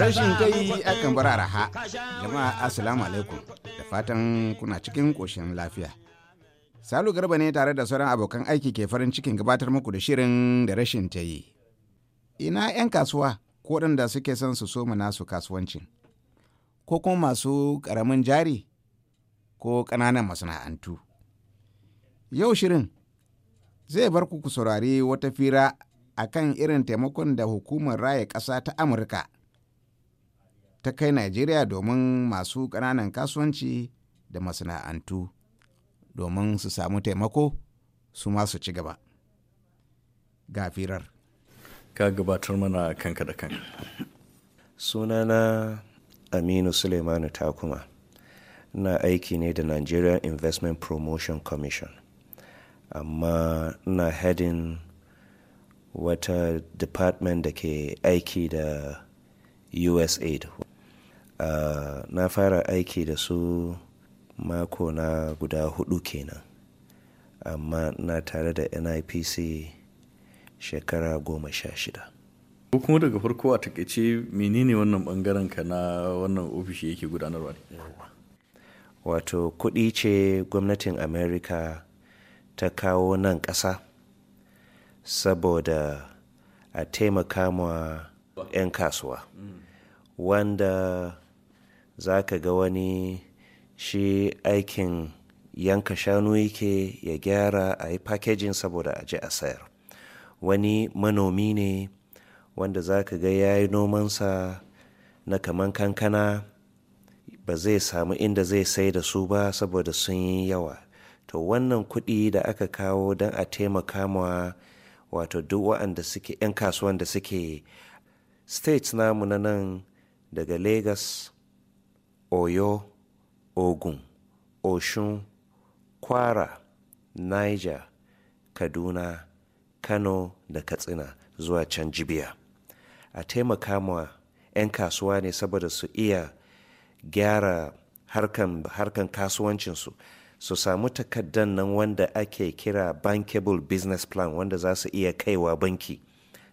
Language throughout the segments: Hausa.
rashin kai akan bar araha. Jama'a assalamu alaikum. Da fatan kuna cikin ƙoshin lafiya. Salu Garba ne tare da sauran abokan aiki ke farin cikin gabatar muku da shirin da rashin ta yi. Ina 'yan kasuwa ko da suke son su soma nasu kasuwancin. Ko kuma masu ƙaramin jari ko ƙananan masana'antu. Yau shirin zai bar ku saurari wata fira akan irin taimakon da hukumar raya ƙasa ta Amurka ta kai Najeriya domin masu ƙananan kasuwanci da masana'antu domin su samu taimako su masu ci gaba. Ga Ka gabatar mana kanka da kanka. Sunana Aminu Suleimanu Takuma na aiki ne da Nigeria Investment Promotion Commission amma na hedin wata department da ke aiki da USAID A ah, na fara aiki da su mako na guda hudu kenan amma na tare da nipc shekara goma sha shida kuma daga farko a takaice menene wannan bangaren ka na wannan ofishi yake gudanarwa ne wato kudi ce gwamnatin america ta kawo nan ƙasa saboda a taimaka ma 'yan kasuwa wanda za ka ga wani shi aikin yanka shanu yake ya gyara a yi packaging saboda a je a sayar wani manomi ne wanda za ka ga ya yi nomansa na kaman kankana ba zai samu inda zai sai da su ba saboda sun yi yawa to wannan kuɗi da aka kawo don a taimaka ma wato duk wa'anda suke 'yan kasuwan da suke states namu na nan daga lagos Oyo, Ogun, Oshun, Kwara, Niger, Kaduna, Kano da Katsina zuwa can Jibiya. A taimaka ma 'yan kasuwa ne saboda su iya gyara harkan, harkan kasuwancinsu su samu takaddan nan wanda ake kira bankable business plan wanda za su iya kaiwa banki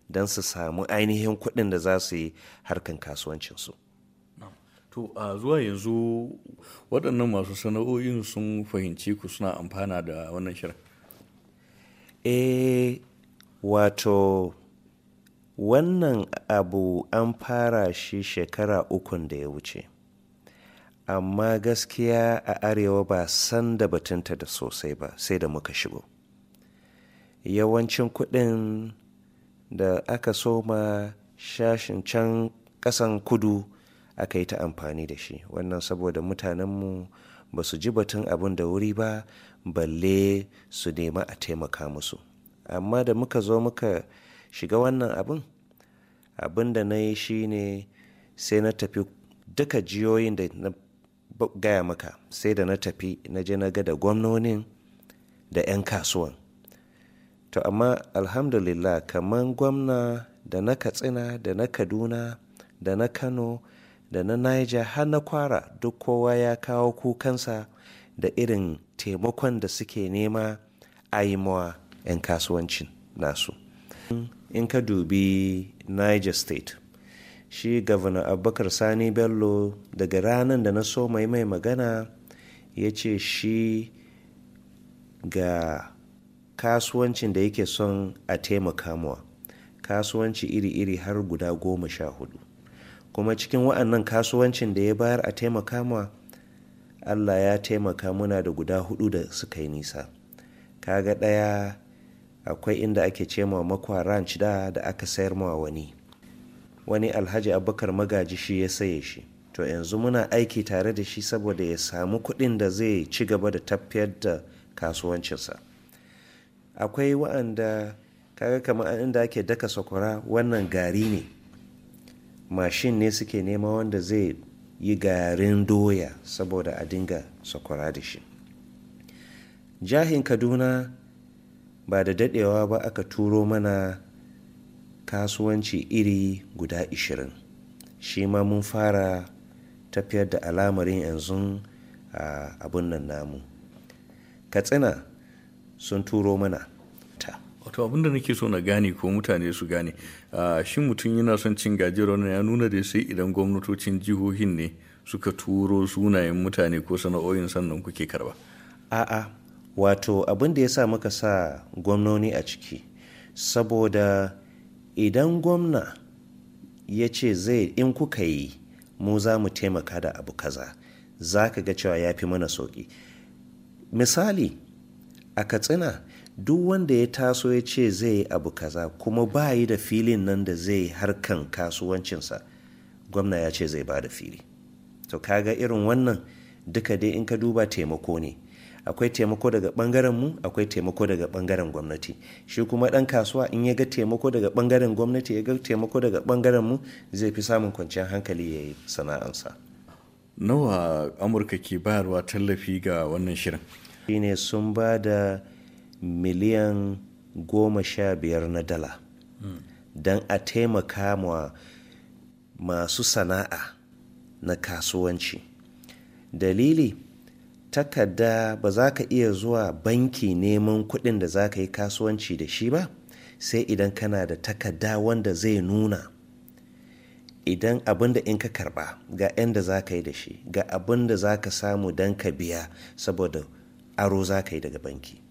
don su samu ainihin kuɗin da za su yi harkan kasuwancinsu. To a zuwa yanzu waɗannan masu sana'o'in sun fahimci ku suna amfana da wannan shirin. Eh wato wannan abu an fara shi shekara ukun da ya wuce. Amma gaskiya a arewa ba san da batunta da sosai ba sai da muka shigo. Yawancin kuɗin da aka soma shashin can ƙasan kudu aka yi ta amfani da shi wannan saboda mutanenmu ba su ji batun abin da wuri ba balle su nema a taimaka musu amma da muka zo muka shiga wannan abin abin da na yi shi ne sai na tafi duka jiyoyin da na gaya maka sai da na tafi na je na ga da gwamnonin da 'yan kasuwan to amma alhamdulillah kamar gwamna da na katsina da na kaduna da na kano da na niger har na kwara duk kowa ya kawo kukansa da irin taimakon da suke nema a yi mawa 'yan kasuwancin nasu in ka dubi niger state shi governor abubakar sani bello daga ranar da na so mai mai magana ya ce shi ga kasuwancin da yake son a taimaka mawa kasuwanci iri-iri har guda goma sha hudu kuma cikin wa'annan kasuwancin da ya bayar a taimaka ma allah ya taimaka muna da guda hudu da suka yi nisa kaga ɗaya akwai inda ake ce ma makwa da da aka sayar ma wani wani alhaji abubakar magaji shi ya saye shi to yanzu muna aiki tare da shi saboda ya samu kuɗin da zai ci gaba da tafiyar da kasuwancinsa akwai wa'anda kaga kamar inda ake daka sakwara wannan gari ne mashin ne suke nema wanda zai yi garin doya saboda a dinga sakwara da shi jahin kaduna ba da dadewa ba aka turo mana kasuwanci iri guda 20 shi ma mun fara tafiyar da alamarin yanzu a abun nan namu katsina sun turo mana wato abin da nake so na gane ko mutane su gane shin mutum yana son cin gajiyar wannan ya nuna da sai idan gwamnatocin jihohin ne suka turo sunayen mutane ko sana'o'in sannan kuke karba a'a wato abin da ya sa muka sa gwamnoni a ciki saboda idan gwamna ya ce zai in kuka yi mu za mu taimaka da abu kaza za ka ga cewa ya fi mana sauƙi misali a katsina duk wanda ya taso ya ce zai yi abu kaza kuma ba yi da filin nan da zai yi harkan kasuwancinsa gwamna ya ce zai ba da fili to kaga irin wannan duka dai in ka duba taimako ne akwai taimako daga bangaren mu akwai taimako daga bangaren gwamnati shi kuma dan kasuwa in ya ga taimako daga bangaren gwamnati ya ga taimako daga bangaren mu zai fi samun kwanciyar hankali ya yi sana'ansa nawa amurka ke bayarwa tallafi ga wannan shirin shine sun ba da miliyan goma sha biyar na dala don a taimaka ma masu sana'a na kasuwanci dalili takarda ba za ka iya zuwa banki neman kuɗin da za ka yi kasuwanci da shi ba sai idan kana da takarda wanda zai nuna idan abin da in ka karba ga 'yan da za ka yi da shi ga abin da za ka samu don ka biya saboda aro za ka yi daga banki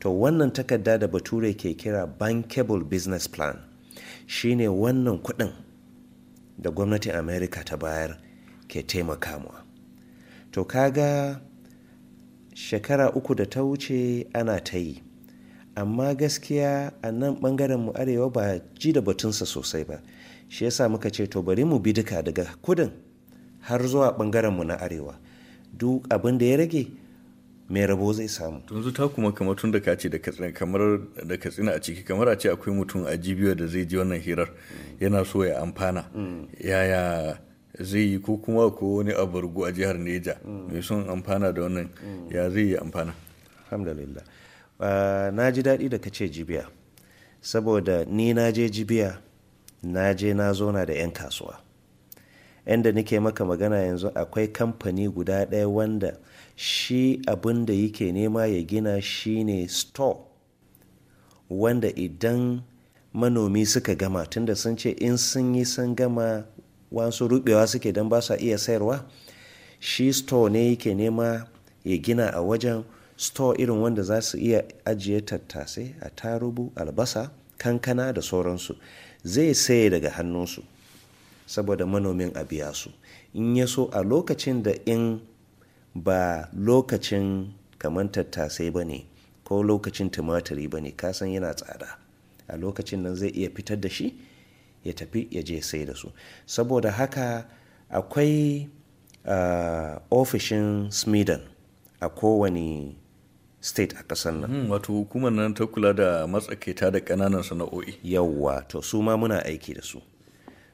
to wannan takarda da bature ke kira bankable business plan shine wannan kudin da gwamnatin america ta bayar ke taimaka mu to kaga shekara uku da ta wuce ana ta yi amma gaskiya a nan bangaren mu arewa ba ji da batunsa sosai ba shi yasa muka ce to bari mu bi duka daga kudin har zuwa bangaren mu na arewa duk abin da ya rage mai rabo zai samu yanzu ta kuma kamar tun da ka ce da katsina kamar da katsina a ciki kamar a ce akwai mutum a jibiya da zai ji wannan hirar yana so ya amfana mm. yaya zai yi ko kuma ko wani abargu a jihar neja mm. mai son amfana da wannan mm. ya zai yi amfana alhamdulillah ah, na ji daɗi da ka ce jibiya saboda ni na je jibiya na je na zona da 'yan kasuwa yadda nake maka magana yanzu akwai kamfani guda ɗaya wanda shi abin da yake nema ya gina shine store wanda idan manomi suka gama tunda sun ce in sun yi sun gama wasu rubewa suke don ba sa iya sayarwa shi store ne yake nema ya gina a wajen store irin wanda za su iya ajiye tattasai a tarubu albasa kankana da sauransu zai saye daga hannunsu saboda manomin a biya su in ya so a lokacin da in ba lokacin kamar tattasai ba ne ko lokacin tumatiri ba ne kasan yana tsada a lokacin nan zai iya fitar da shi ya tafi ya je sai da su saboda haka akwai uh, ofishin sweden a kowane state a ƙasar nan hmm, wato hukumar nan ta kula da matsakaita da ƙananan sana'o'i yawwa to su ma muna aiki da su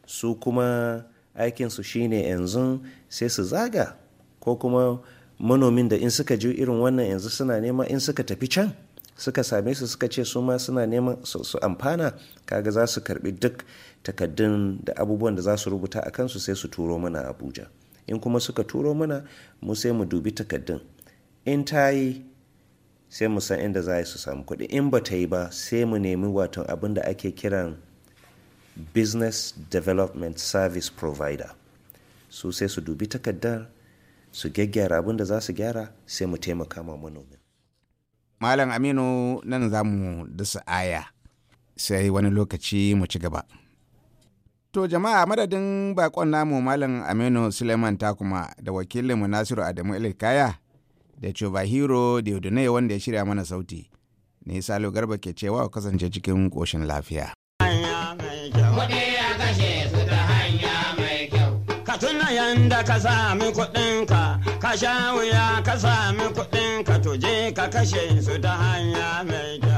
su kuma aikinsu shine yanzu sai su zaga ko kuma manomin da in suka ji irin wannan yanzu suna nema in suka tafi can suka same su suka ce su ma suna neman su amfana kaga za su karbi duk takaddun da abubuwan da za su rubuta a kansu sai su turo mana abuja in kuma suka turo mana mu sai mu dubi takaddun in ta yi sai mu san inda za su samu kuɗi in ba ta yi ba sai mu nemi wato abin da ake kiran business development service provider su sai su dubi takardar su gyaggyara abin da za su gyara sai mu taimaka ma manomin malam aminu nan za mu dasa aya sai wani lokaci mu ci gaba To jama'a madadin bakon namu Malam Aminu Suleiman Takuma da wakilinmu Nasiru Adamu Ilikaya da da Diodune wanda ya shirya mana sauti. Ni Salo Garba ke cewa kasance cikin ƙoshin lafiya. kuɗi a kashe su ta hanya mai kyau. Ka tuna yanda ka sami kuɗinka, ka sha wuya ka sami kuɗinka tuje ka kashe su ta hanya mai kyau.